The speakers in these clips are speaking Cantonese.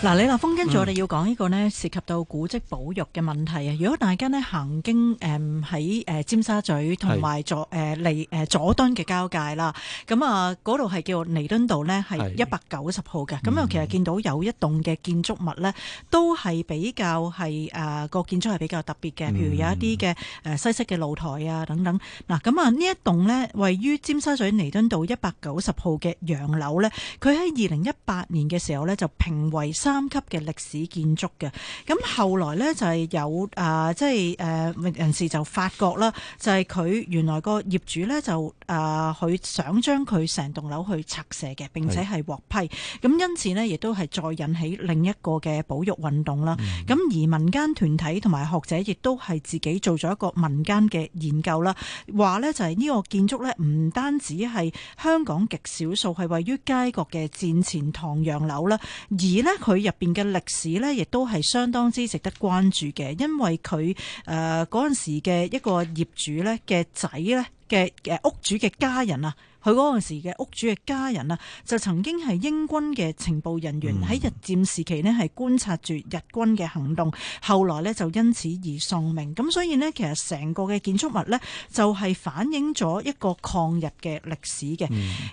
嗱，李立峰，跟住我哋要講呢個咧，涉及到古蹟保育嘅問題啊！如果大家咧行經誒喺誒尖沙咀同埋左誒彌誒佐敦嘅交界啦，咁啊嗰度係叫彌敦道咧，係一百九十號嘅。咁、嗯、啊，其實見到有一棟嘅建築物咧，都係比較係誒個建築係比較特別嘅，譬如有一啲嘅誒西式嘅露台啊等等。嗱、嗯，咁啊呢一棟咧位於尖沙咀彌敦道一百九十號嘅洋樓咧，佢喺二零一八年嘅時候咧就評為。三級嘅歷史建築嘅，咁後來呢就係有啊、呃，即係誒、呃、人士就發覺啦，就係、是、佢原來個業主呢就啊，佢、呃、想將佢成棟樓去拆卸嘅，並且係獲批，咁因此呢亦都係再引起另一個嘅保育運動啦。咁、嗯、而民間團體同埋學者亦都係自己做咗一個民間嘅研究啦，話呢就係，呢個建築呢唔單止係香港極少數係位於街角嘅戰前唐洋樓啦，而呢佢。入邊嘅歷史咧，亦都係相當之值得關注嘅，因為佢誒嗰陣時嘅一個業主咧嘅仔咧嘅誒屋主嘅家人啊。佢嗰陣時嘅屋主嘅家人啊，就曾經係英軍嘅情報人員，喺日佔時期咧，係觀察住日軍嘅行動，後來咧就因此而喪命。咁所以咧，其實成個嘅建築物咧，就係反映咗一個抗日嘅歷史嘅。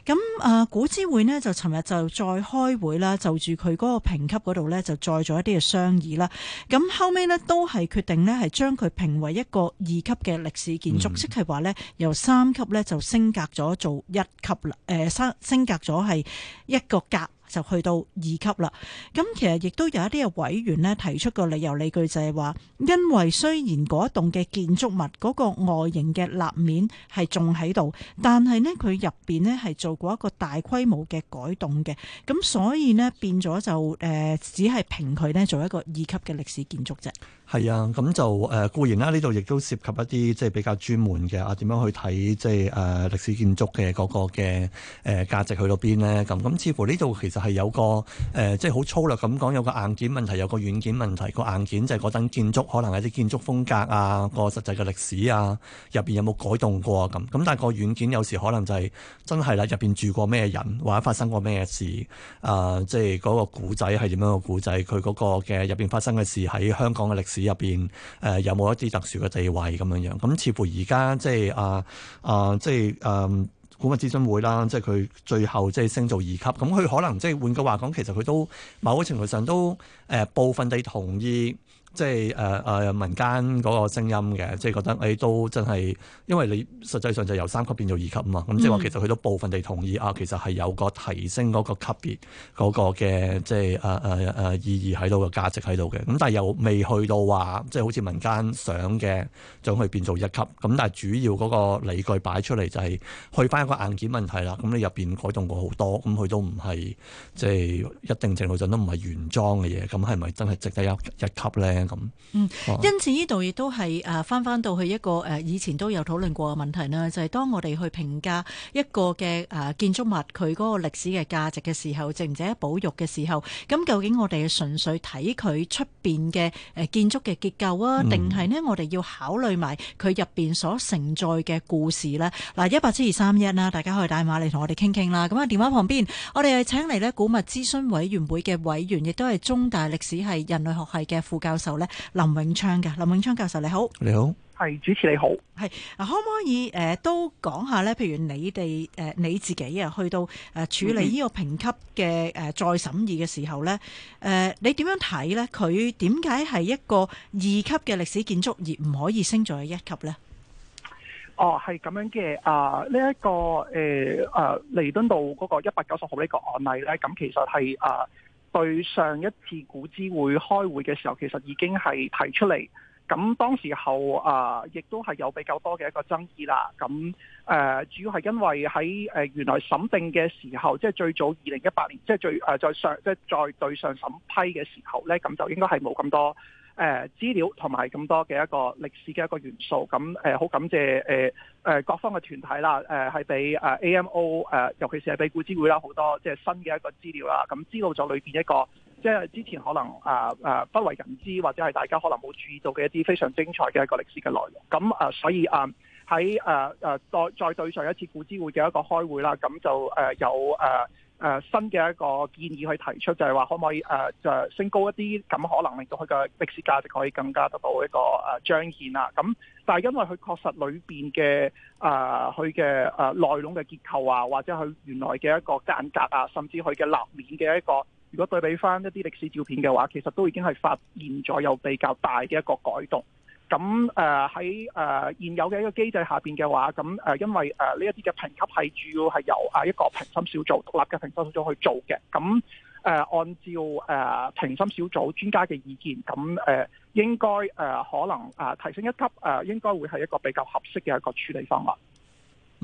咁啊，古諮會咧就尋日就再開會啦，就住佢嗰個評級嗰度咧，就再做一啲嘅商議啦。咁後尾咧都係決定咧，係將佢評為一個二級嘅歷史建築，即係話咧由三級咧就升格咗做。一級啦，誒升格咗係一個格。就去到二級啦。咁其實亦都有一啲嘅委員咧提出個理由理據就係話，因為雖然嗰一棟嘅建築物嗰個外形嘅立面係仲喺度，但係咧佢入邊咧係做過一個大規模嘅改動嘅，咁所以咧變咗就誒、呃，只係評佢咧做一個二級嘅歷史建築啫。係啊，咁就誒、呃，固然啦，呢度亦都涉及一啲即係比較專門嘅啊，點樣去睇即係誒歷史建築嘅嗰個嘅誒價值去到邊咧？咁咁，似乎呢度其實。係有個誒、呃，即係好粗略咁講，有個硬件問題，有個軟件問題。個硬件就係嗰等建築，可能係啲建築風格啊，個實際嘅歷史啊，入邊有冇改動過咁。咁但係個軟件有時可能就係、是、真係啦，入邊住過咩人，或者發生過咩事啊、呃，即係嗰個古仔係點樣個古仔，佢嗰個嘅入邊發生嘅事喺香港嘅歷史入邊，誒、呃，有冇一啲特殊嘅地位咁樣樣。咁似乎而家即係啊啊，即係、呃古物諮詢會啦，即係佢最後即係升到二級，咁佢可能即係換句話講，其實佢都某個程度上都誒、呃、部分地同意。即係誒誒民間嗰個聲音嘅，即係覺得誒都真係，因為你實際上就由三級變做二級嘛。咁、嗯、即係話其實佢都部分地同意啊，其實係有個提升嗰個級別嗰、嗰個嘅即係誒誒誒意義喺度嘅價值喺度嘅。咁但係又未去到話，即係好似民間想嘅將佢變做一級。咁但係主要嗰個理據擺出嚟就係、是、去翻一個硬件問題啦。咁你入邊改動過好多，咁佢都唔係即係一定程度上都唔係原裝嘅嘢。咁係咪真係值得一級咧？嗯，因此呢度亦都係誒翻翻到去一個誒，以前都有討論過嘅問題啦，就係當我哋去評價一個嘅誒建築物，佢嗰個歷史嘅價值嘅時候，值唔值得保育嘅時候，咁究竟我哋係純粹睇佢出邊嘅誒建築嘅結構啊，定係呢？我哋要考慮埋佢入邊所承載嘅故事呢？嗱，一八七二三一啦，大家可以打電話嚟同我哋傾傾啦。咁喺電話旁邊，我哋係請嚟呢古物諮詢委員會嘅委員，亦都係中大歷史系人類學系嘅副教授。林永昌嘅林永昌教授你好，你好，係主持你好，係啊，可唔可以誒、呃、都講下呢？譬如你哋誒、呃、你自己啊，去到誒處理呢個評級嘅誒再審議嘅時候呢？誒你點樣睇呢？佢點解係一個二級嘅歷史建築而唔可以升咗去一級呢？哦，係咁樣嘅啊！呢、呃、一、這個誒誒，彌、呃、敦道嗰個一百九十號呢個案例呢，咁其實係啊。呃對上一次古諮會開會嘅時候，其實已經係提出嚟，咁當時候啊，亦、呃、都係有比較多嘅一個爭議啦。咁誒、呃，主要係因為喺誒原來審定嘅時候，即、就、係、是、最早二零一八年，即、就、係、是、最誒在、呃、上，即係在對上審批嘅時候呢，咁就應該係冇咁多。誒、呃、資料同埋咁多嘅一個歷史嘅一個元素，咁誒好感謝誒誒、呃呃、各方嘅團體啦，誒係俾誒 AMO 誒、呃，尤其是係俾古諮會啦好多即係新嘅一個資料啦，咁知道咗裏面一個即係、就是、之前可能啊啊、呃呃、不為人知或者係大家可能冇注意到嘅一啲非常精彩嘅一個歷史嘅內容，咁啊、呃、所以啊喺誒再再對上一次古諮會嘅一個開會啦，咁就誒有誒。呃呃誒、uh, 新嘅一個建議去提出，就係話可唔可以誒、uh, 就升高一啲咁可能令到佢嘅歷史價值可以更加得到一個誒彰顯啦。咁、uh, 但係因為佢確實裏面嘅誒佢嘅誒內容嘅結構啊，或者佢原來嘅一個間隔啊，甚至佢嘅立面嘅一個，如果對比翻一啲歷史照片嘅話，其實都已經係發現咗有比較大嘅一個改動。咁誒喺現有嘅一個機制下面嘅話，咁因為誒呢一啲嘅評級係主要係由啊一個評審小組獨立嘅評審小組去做嘅，咁按照誒評審小組專家嘅意見，咁誒應該可能提升一級誒應該會係一個比較合適嘅一個處理方案。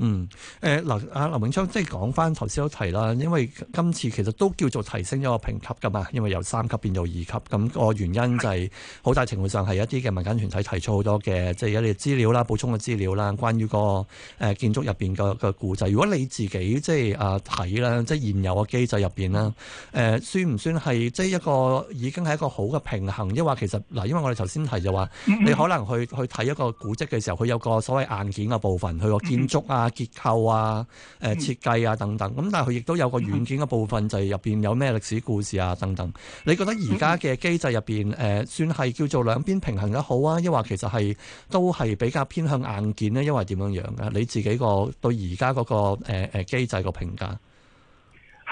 嗯，誒、呃、嗱，阿林永昌即係講翻頭先都提啦，因為今次其實都叫做提升咗個評級噶嘛，因為由三級變到二級，咁、那個原因就係好大程度上係一啲嘅民間團體提出好多嘅，即係一啲資料啦、補充嘅資料啦，關於、那個誒、呃、建築入邊個個古蹟，如果你自己即係啊睇啦，即係、呃、現有嘅機制入邊啦，誒、呃、算唔算係即係一個已經係一個好嘅平衡？抑或其實嗱，因為我哋頭先提就話，你可能去去睇一個古蹟嘅時候，佢有個所謂硬件嘅部分，佢個建築啊。結構啊，誒設計啊等等，咁但係佢亦都有個軟件嘅部分，就係入邊有咩歷史故事啊等等。你覺得而家嘅機制入邊，誒、呃、算係叫做兩邊平衡得好啊，抑或其實係都係比較偏向硬件呢？抑或點樣樣嘅？你自己個對而家嗰個誒誒機制個評價？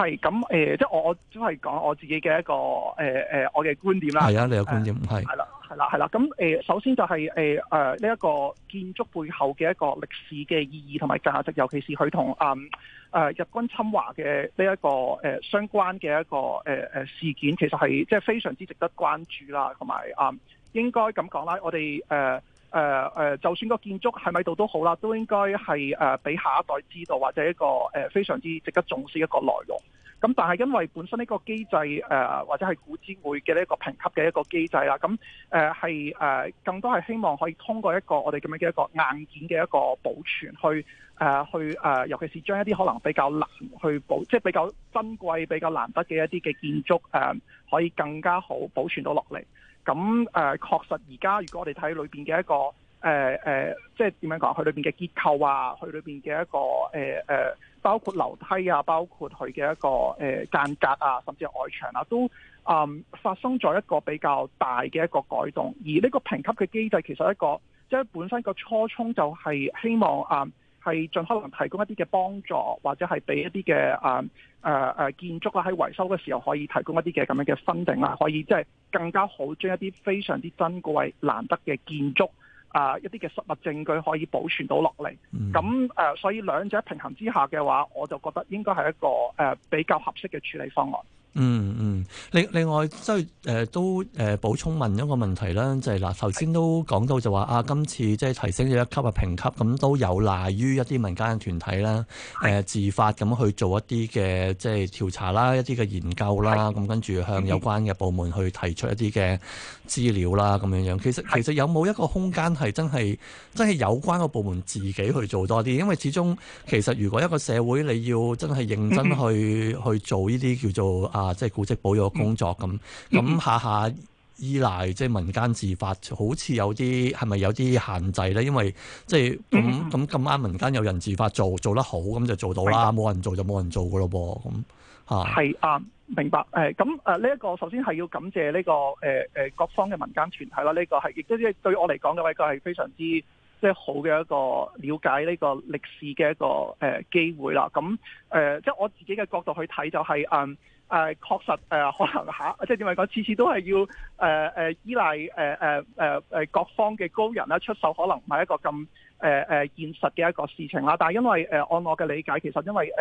係咁誒，即係我我只係講我自己嘅一個誒、呃、我嘅觀點啦。係啊，你有觀點係係啦係啦係啦。咁、呃呃、首先就係誒呢一個建築背後嘅一個歷史嘅意義同埋價值，尤其是佢同誒日軍侵華嘅呢、這個呃、一個誒相關嘅一個誒事件，其實係即係非常之值得關注啦，同埋誒應該咁講啦，我哋誒。呃誒誒，就算個建築喺咪度都好啦，都應該係誒俾下一代知道，或者一個誒非常之值得重視一個內容。咁但係因為本身呢個機制誒、呃、或者係古諮會嘅呢一個評級嘅一個機制啦，咁誒係誒更多係希望可以通過一個我哋咁樣嘅一個硬件嘅一個保存，去誒去誒，尤其是將一啲可能比較難去保，即係比較珍貴、比較難得嘅一啲嘅建築誒、嗯，可以更加好保存到落嚟。咁、嗯、誒、呃、確實而家如果我哋睇裏面嘅一個誒、呃呃、即係點樣講？佢裏面嘅結構啊，佢裏面嘅一個誒、呃呃包括樓梯啊，包括佢嘅一個誒間隔啊，甚至外牆啊，都啊、嗯、發生咗一個比較大嘅一個改動。而呢個評級嘅機制其實一個，即、就、係、是、本身個初衷就係希望啊，係、嗯、盡可能提供一啲嘅幫助，或者係俾一啲嘅啊誒誒建築啦，喺維修嘅時候可以提供一啲嘅咁樣嘅分證啦，可以即係更加好將一啲非常之珍貴難得嘅建築。啊！一啲嘅實物證據可以保存到落嚟，咁誒、啊，所以兩者平衡之下嘅話，我就覺得應該係一個誒、啊、比較合適嘅處理方案。嗯嗯，另另外即係誒都誒補、呃、充問一個問題啦，就係嗱頭先都講到就話啊，今次即係提升咗一級啊評級，咁都有賴於一啲民間嘅團體啦，誒、呃、自發咁去做一啲嘅即係調查啦，一啲嘅研究啦，咁跟住向有關嘅部門去提出一啲嘅資料啦，咁樣樣其實其實有冇一個空間係真係真係有關嘅部門自己去做多啲？因為始終其實如果一個社會你要真係認真去、嗯、去做呢啲叫做啊！即係古蹟保育工作咁咁、嗯嗯、下下依賴即係、就是、民間自發，好似有啲係咪有啲限制咧？因為即係咁咁咁啱民間有人自發做做得好，咁就做到啦。冇人做就冇人做噶咯噃咁嚇。係啊，啊，明白誒，咁誒呢一個首先係要感謝呢、這個誒誒、呃呃、各方嘅民間團體啦。呢、這個係亦都即係對我嚟講嘅話，佢係非常之即係好嘅一個了解呢個歷史嘅一個誒機會啦。咁誒、呃、即係我自己嘅角度去睇就係、是、啊。嗯誒確實誒可能嚇，即係點講？次次都係要誒誒依賴誒誒誒誒各方嘅高人啦出手，可能唔係一個咁誒誒現實嘅一個事情啦。但係因為誒按我嘅理解，其實因為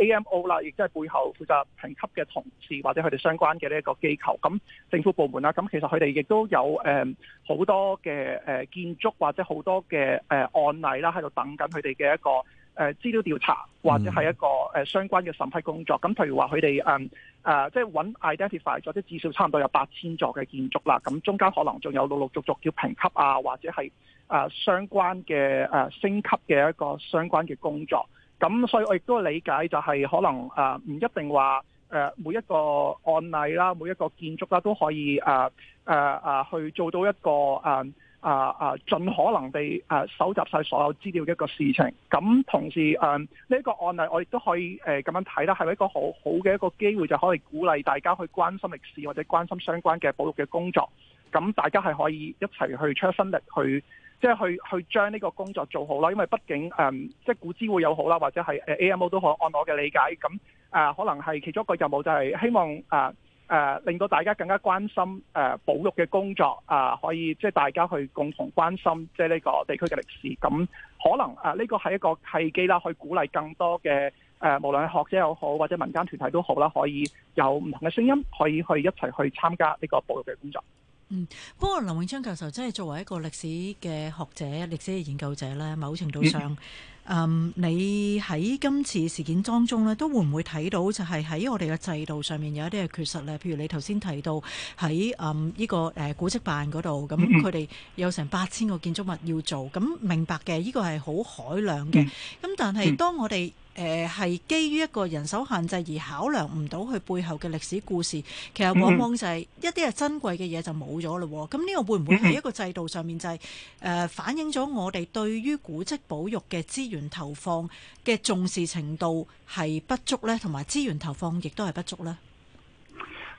誒誒 AMO 啦，亦都係背後負責評級嘅同事或者佢哋相關嘅呢一個機構，咁政府部門啦，咁其實佢哋亦都有誒好多嘅誒建築或者好多嘅誒案例啦，喺度等緊佢哋嘅一個誒資料調查或者係一個相關嘅審批工作，咁譬如話佢哋誒即係揾 identify 咗，即、嗯呃就係、至少差唔多有八千座嘅建築啦。咁中間可能仲有陸陸續續叫評級啊，或者係誒、呃、相關嘅誒、呃、升級嘅一個相關嘅工作。咁所以我亦都理解就係可能誒唔、呃、一定話誒、呃、每一個案例啦，每一個建築啦都可以誒、呃呃、去做到一個誒。呃啊啊！盡可能地啊，蒐集晒所有資料嘅一個事情。咁同時，誒、嗯、呢、呢個案例我亦都可以誒咁、呃、樣睇啦，係咪一個好好嘅一個機會，就可以鼓勵大家去關心歷史或者關心相關嘅保育嘅工作。咁大家係可以一齊去出分力去，即、就、係、是、去去將呢個工作做好啦。因為畢竟誒，即、嗯、係、就是、古諮會又好啦，或者係 AMO 都好，按我嘅理解，咁誒、啊、可能係其中一個任務就係希望啊。誒，令到大家更加關心誒保育嘅工作啊，可以即係大家去共同關心，即係呢個地區嘅歷史。咁可能啊，呢個係一個契機啦，去鼓勵更多嘅誒，無論係學者又好，或者民間團體都好啦，可以有唔同嘅聲音，可以一起去一齊去參加呢個保育嘅工作。嗯，不過林永昌教授真係作為一個歷史嘅學者，歷史嘅研究者呢，某程度上，嗯，嗯，你喺今次事件當中呢，都會唔會睇到就係喺我哋嘅制度上面有一啲嘅缺失呢？譬如你頭先提到喺嗯依、呢個、呃、古蹟辦嗰度，咁佢哋有成八千個建築物要做，咁、嗯、明白嘅，呢、呢個係好海量嘅，咁、嗯嗯、但係當我哋誒、呃、係基於一個人手限制而考量唔到佢背後嘅歷史故事，其實往往就係一啲係珍貴嘅嘢就冇咗啦。咁呢個會唔會係一個制度上面就係、是、誒、呃、反映咗我哋對於古蹟保育嘅資源投放嘅重視程度係不足呢？同埋資源投放亦都係不足呢？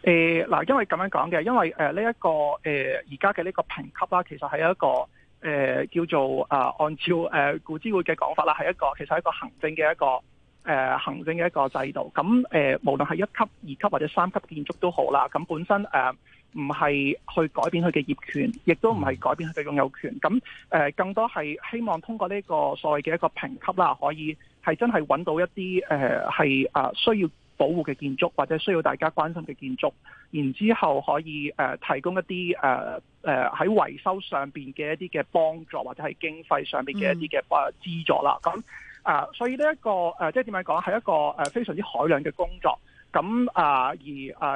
誒、呃、嗱，因為咁樣講嘅，因為誒呢一個誒而家嘅呢個評級啦，其實係有一個。誒、呃、叫做啊、呃，按照誒古諮會嘅講法啦，係一個其實係一個行政嘅一個誒、呃、行政嘅一個制度。咁誒、呃，無論係一級、二級或者三級建築都好啦。咁本身誒唔係去改變佢嘅業權，亦都唔係改變佢嘅擁有權。咁誒、呃，更多係希望通過呢個所謂嘅一個評級啦，可以係真係揾到一啲誒係啊需要保護嘅建築或者需要大家關心嘅建築，然之後可以誒提供一啲誒誒喺維修上邊嘅一啲嘅幫助，或者係經費上邊嘅一啲嘅誒資助啦。咁、嗯、啊，所以呢、這個就是、一個誒，即係點樣講，係一個誒非常之海量嘅工作。咁啊，而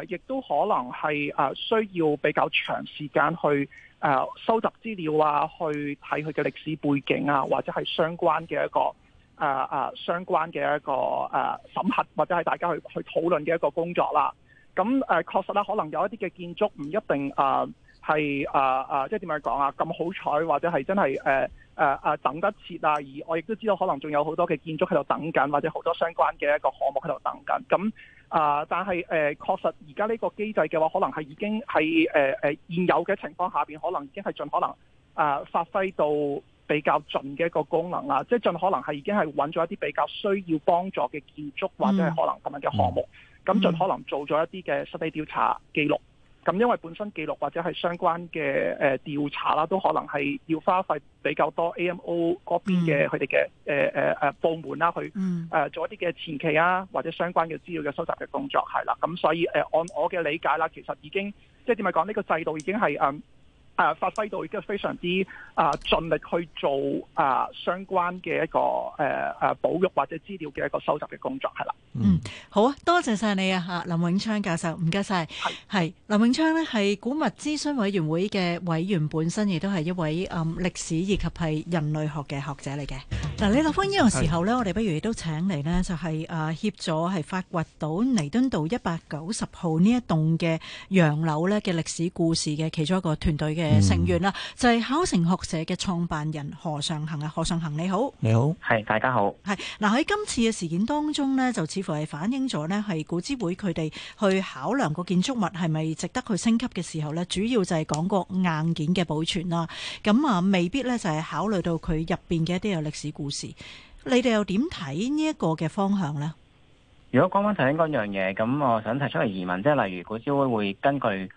誒亦都可能係誒需要比較長時間去誒收集資料啊，去睇佢嘅歷史背景啊，或者係相關嘅一個。誒、啊、誒、啊、相關嘅一個誒、啊、審核，或者係大家去去討論嘅一個工作啦。咁誒、啊啊、確實啦、啊，可能有一啲嘅建築唔一定誒係誒誒，即係點樣講啊？咁好彩或者係真係誒誒誒等得切啊！而我亦都知道，可能仲有好多嘅建築喺度等緊，或者好多相關嘅一個項目喺度等緊。咁誒、啊，但係誒、啊、確實而家呢個機制嘅話，可能係已經係誒誒現有嘅情況下邊，可能已經係盡可能誒、啊、發揮到，比較盡嘅一個功能啦，即係盡可能係已經係揾咗一啲比較需要幫助嘅建築或者係可能咁樣嘅項目，咁、mm -hmm. 盡可能做咗一啲嘅實地調查記錄。咁、mm -hmm. 因為本身記錄或者係相關嘅誒、呃、調查啦，都可能係要花費比較多 AMO 嗰邊嘅佢哋嘅誒誒誒部門啦去誒、mm -hmm. 呃、做一啲嘅前期啊或者相關嘅資料嘅收集嘅工作係啦，咁、嗯、所以誒、呃、按我嘅理解啦、啊，其實已經即係點解講呢個制度已經係誒。嗯誒、啊、發揮到亦都非常之啊盡力去做啊相關嘅一個誒誒、啊啊、保育或者資料嘅一個收集嘅工作係啦。嗯，好啊，多謝晒你啊嚇林永昌教授，唔該晒。係林永昌呢係古物諮詢委員會嘅委員，本身亦都係一位誒、嗯、歷史以及係人類學嘅學者嚟嘅。嗱、啊、李立峰呢個時候呢，我哋不如亦都請嚟呢，就係、是、誒、啊、協助。係發掘到彌敦道一百九十號呢一棟嘅洋樓呢嘅歷史故事嘅其中一個團隊嘅。嗯、成員啦，就係考城學社嘅創辦人何尚衡。啊，何尚衡你好，你好，係大家好。係嗱喺今次嘅事件當中呢，就似乎係反映咗呢，係古諮會佢哋去考量個建築物係咪值得去升級嘅時候呢，主要就係講個硬件嘅保存啦。咁啊，未必呢，就係考慮到佢入邊嘅一啲嘅歷史故事。你哋又點睇呢一個嘅方向呢？如果講翻頭先嗰樣嘢，咁我想提出嚟疑問，即係例如古諮會會根據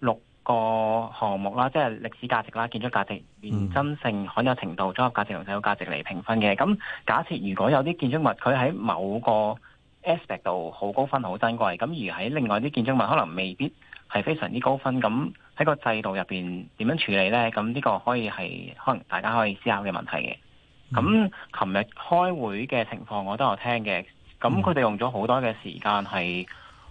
六。這個項目啦，即係歷史價值啦、建築價值、原真性、罕有程度、綜合價值同社會價值嚟評分嘅。咁假設如果有啲建築物佢喺某個 aspect 度好高分，好珍貴，咁而喺另外啲建築物可能未必係非常之高分，咁喺個制度入邊點樣處理呢？咁呢個可以係可能大家可以思考嘅問題嘅。咁琴日開會嘅情況我都有聽嘅，咁佢哋用咗好多嘅時間係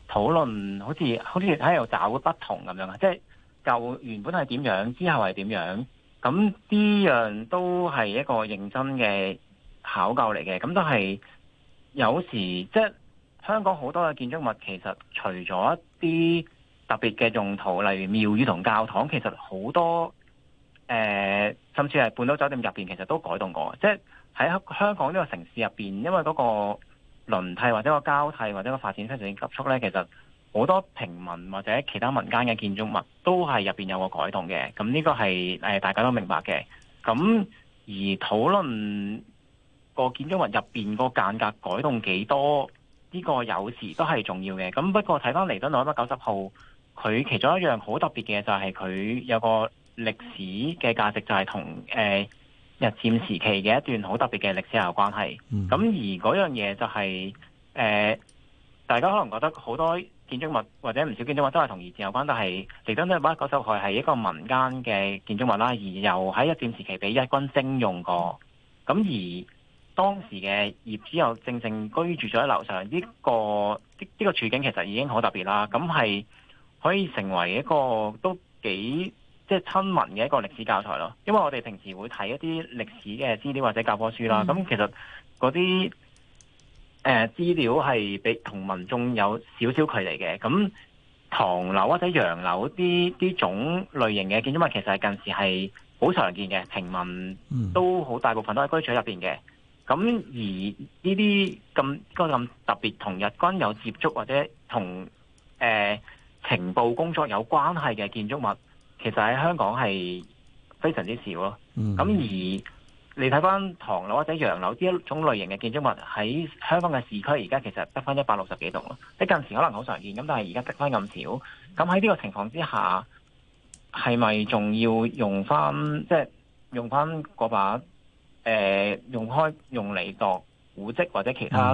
討論，好似好似喺度找不同咁樣啊，即係。舊原本係點樣，之後係點樣？咁呢樣都係一個認真嘅考究嚟嘅。咁都係有時，即係香港好多嘅建築物，其實除咗一啲特別嘅用途，例如廟宇同教堂，其實好多誒、呃，甚至係半島酒店入邊，其實都改動過。即係喺香港呢個城市入邊，因為嗰個輪替或者個交替或者個發展非常之急速呢，其實。好多平民或者其他民間嘅建築物都係入面有個改動嘅，咁呢個係大家都明白嘅。咁而討論個建築物入面個間隔改動幾多，呢、這個有時都係重要嘅。咁不過睇翻彌敦道一百九十號，佢其中一樣好特別嘅就係佢有個歷史嘅價值就是，就係同日佔時期嘅一段好特別嘅歷史有關係。咁、嗯、而嗰樣嘢就係、是呃、大家可能覺得好多。建築物或者唔少建築物都係同二戰有關，但係嚟到呢個190號係一個民間嘅建築物啦，而又喺一戰時期俾日軍徵用過，咁而當時嘅業主又正正居住咗喺樓上，呢個呢個處境其實已經好特別啦。咁係可以成為一個都幾即係親民嘅一個歷史教材咯，因為我哋平時會睇一啲歷史嘅資料或者教科書啦。咁其實嗰啲。誒、呃、資料係比同民眾有少少距離嘅。咁唐樓或者洋樓啲啲種類型嘅建築物其實係近時係好常見嘅，平民都好大部分都係居住喺入面嘅。咁而呢啲咁嗰個咁特別同日軍有接觸或者同誒、呃、情報工作有關係嘅建築物，其實喺香港係非常之少咯。咁而你睇翻唐樓或者洋樓呢一種類型嘅建築物喺香港嘅市區，而家其實得翻一百六十幾棟咯。近時可能好常見，咁但係而家得翻咁少。咁喺呢個情況之下，係咪仲要用翻即係用翻嗰把誒、呃、用開用嚟度古蹟或者其他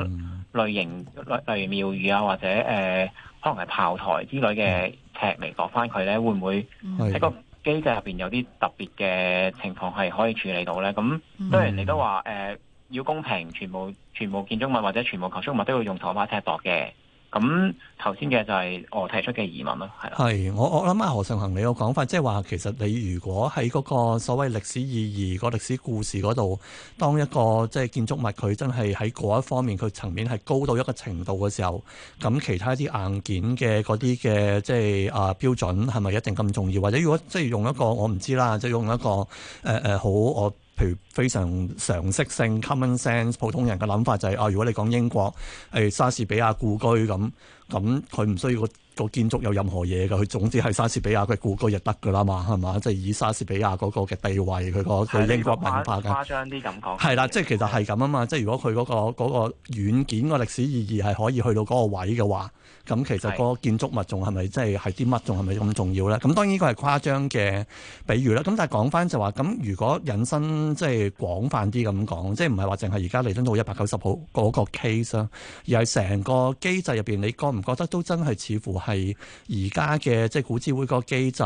類型，嗯、類例如廟宇啊或者誒、呃、可能係炮台之類嘅尺嚟度翻佢咧，會唔會係個機制入邊有啲特別嘅情況係可以處理到呢。咁雖然你都話誒、呃、要公平，全部全部建築物或者全部構築物都要用台灣踢薄嘅。咁頭先嘅就係我提出嘅疑問咯，係。係我我諗阿何尚衡你嘅講法，即係話其實你如果喺嗰個所謂歷史意義、個歷史故事嗰度，當一個即係建築物佢真係喺嗰一方面佢層面係高到一個程度嘅時候，咁其他啲硬件嘅嗰啲嘅即係啊標準係咪一定咁重要？或者如果即係用一個我唔知啦，即係用一個誒誒好我。譬如非常常識性 common sense，普通人嘅諗法就係啊，如果你講英國，誒，莎士比亞故居咁。咁佢唔需要個個建築有任何嘢噶，佢總之係莎士比亞佢故居就得噶啦嘛，係嘛？即係以莎士比亞嗰個嘅地位，佢個佢英國文化嘅，誇張啲咁講，係啦，即係其實係咁啊嘛，即係如果佢嗰個嗰個軟件個歷史意義係可以去到嗰個位嘅話，咁其實個建築物仲係咪即係係啲乜仲係咪咁重要咧？咁當然佢係誇張嘅比喻啦。咁但係講翻就話，咁如果引申即係廣泛啲咁講，即係唔係話淨係而家嚟緊一百九十號嗰 case 啊，而係成個機制入邊你唔覺得都真係似乎係而家嘅即係古諮會個機制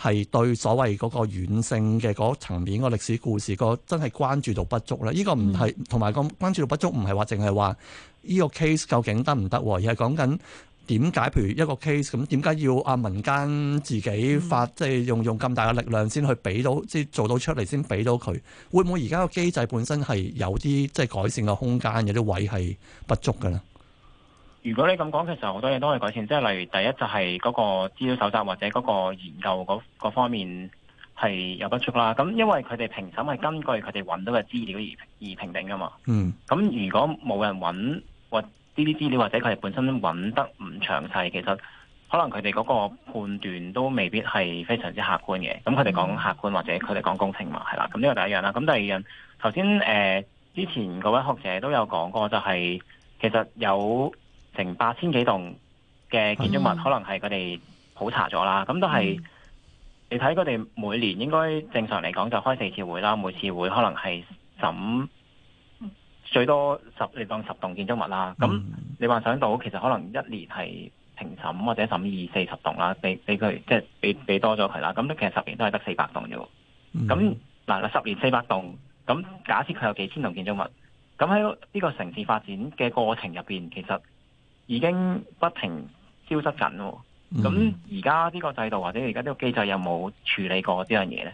係對所謂嗰個軟性嘅嗰層面個歷史故事、個真係關注度不足啦，呢、呢個唔係同埋個關注度不足唔係話淨係話呢個 case 究竟得唔得，而係講緊點解？譬如一個 case 咁，點解要阿民間自己發即係用用咁大嘅力量先去俾到，即係做到出嚟先俾到佢？會唔會而家個機制本身係有啲即係改善嘅空間有啲位係不足嘅咧？如果你咁講，其實好多嘢都可以改善，即係例如第一就係嗰個資料搜集或者嗰個研究嗰方面係有不足啦。咁因為佢哋評審係根據佢哋揾到嘅資料而而評定噶嘛。嗯。咁如果冇人揾或呢啲資料或者佢哋本身揾得唔詳細，其實可能佢哋嗰個判斷都未必係非常之客觀嘅。咁佢哋講客觀或者佢哋講公平嘛，係啦。咁呢個第一樣啦。咁第二樣，頭先誒之前嗰位學者都有講過、就係，就係其實有。成八千幾棟嘅建築物，嗯、可能係佢哋普查咗啦。咁都係、嗯、你睇佢哋每年應該正常嚟講就開四次會啦。每次會可能係審最多十，你當十棟建築物啦。咁你幻想到其實可能一年係評審或者審二四十棟啦，俾俾佢，即係俾俾多咗佢啦。咁都其實十年都係得四百棟啫。喎、嗯，咁嗱嗱十年四百棟，咁假設佢有幾千棟建築物，咁喺呢個城市發展嘅過程入面，其實，已經不停消失緊喎，咁而家呢個制度或者而家呢個機制有冇處理過呢樣嘢呢？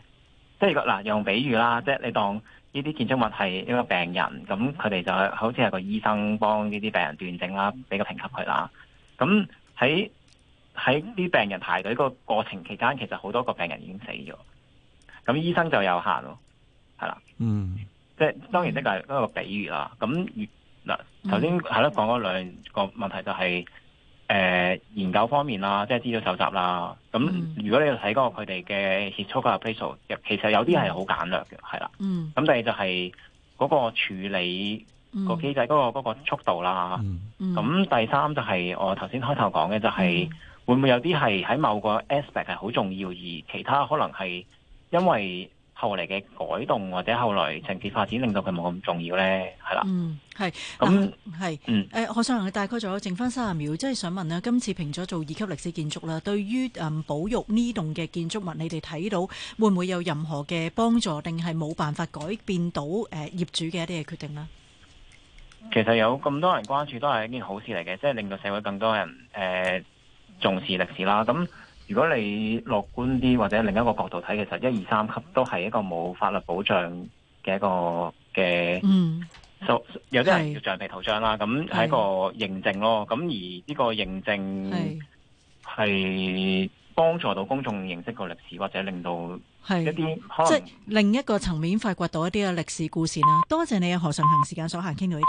即係嗱，用比喻啦，即係你當呢啲建築物係一個病人，咁佢哋就好似係個醫生幫呢啲病人斷症啦，俾個評級佢啦。咁喺喺啲病人排隊個過程期間，其實好多個病人已經死咗，咁醫生就有限咯，係啦。嗯，即，即係當然呢個都係一個比喻啦。咁嗱，頭先係啦講嗰兩個問題就係、是，誒、嗯呃，研究方面啦，即係資料搜集啦。咁、嗯、如果你睇嗰個佢哋嘅 historical appraisal 其實有啲係好簡略嘅，係、嗯、啦。咁、嗯、第二就係嗰個處理機那個機制嗰個嗰個速度啦。咁、嗯、第三就係我頭先開頭講嘅，就係會唔會有啲係喺某個 aspect 係好重要，而其他可能係因為。後嚟嘅改動或者後來城市發展，令到佢冇咁重要呢？係啦。嗯，係咁，係、啊，嗯，誒，何尚衡，你大概仲有剩翻三十秒，即係想問咧，今次評咗做二級歷史建築啦，對於誒保育呢棟嘅建築物，你哋睇到會唔會有任何嘅幫助，定係冇辦法改變到誒業主嘅一啲嘅決定呢？其實有咁多人關注都係一件好事嚟嘅，即、就、係、是、令到社會更多人誒、呃、重視歷史啦，咁。如果你樂觀啲，或者另一個角度睇，其實一二三級都係一個冇法律保障嘅一個嘅，嗯 so, 有啲人叫橡皮圖章啦。咁係一個認證咯。咁而呢個認證係幫助到公衆認識個歷史，或者令到係一啲可能即係、就是、另一個層面發掘到一啲嘅歷史故事啦。多謝你啊，何尚衡，時間所行傾到依。